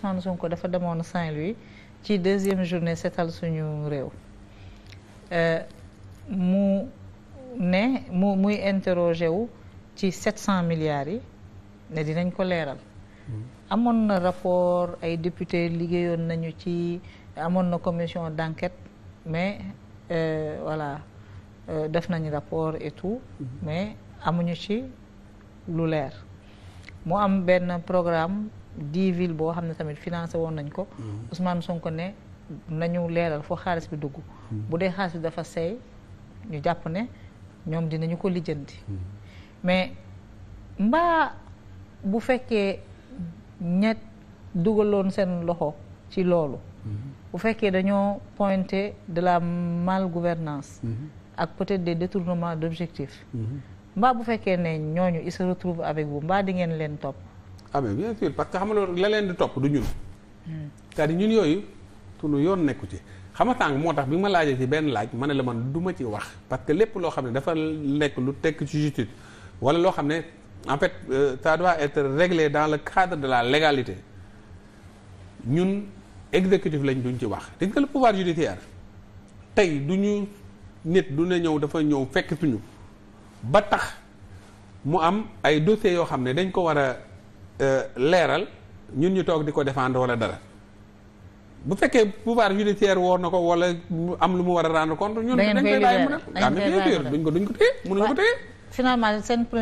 Ousmane Sonko dafa demoon Saint-Louis ci deuxième journée setal suñu réew euh, mu ne mu muy interroger wu ci sept cent milliards yi ne dinañ ko leeral mm-hmm. amoon na rapport ay député liggéeyoon nañu ci amoon na commission d'enquête mais euh, voilà euh, def nañ rapport et tout mm-hmm. mais amuñu ci lu leer mu am benn programme dix villes boo xam ne tamit financé woon nañ ko mm-hmm. Ousmane Sonko ne nañu leeral foo xaalis bi dugg mm-hmm. bu dee xaalis bi dafa seey ñu jàpp ne ñoom dinañu ko lijjanti mm-hmm. mais mbaa bu fekkee ñett dugaloon seen loxo ci loolu bu fekkee dañoo pointé de la gouvernance ak peut-être des détournements d'objectifs mbaa bu fekkee ne ñooñu ils se retrouvent avec vous mbaa di ngeen leen topp ah bien sûr parce que xam nga loolu la leen di topp du ñun. c'est-à-dire ñun yooyu sunu yoon nekku ci. xam nga tàng moo tax bi ma laajee ci benn laaj ma ne la man du ma ci wax parce que lépp loo xam ne dafa nekk lu tekk ci justice wala loo xam ne en fait euh, ça doit être réglé dans le cadre de la légalité ñun exécutif lañ duñ ci wax. gis nga le pouvoir judiciaire tey du ñu nit du ne ñëw dafa ñëw fekk suñu ba tax mu am ay dossiers yoo xam ne dañ ko war a. Euh, leeral ñun ñu toog di ko défendre wala dara bu fekkee pouvoir judiciaire woo na ko wala am lu mu war a rendre compte ñun dañ koy bàyyi mu ne dañ ah, koy duñ ko duñ ko téye mënuñu ko téye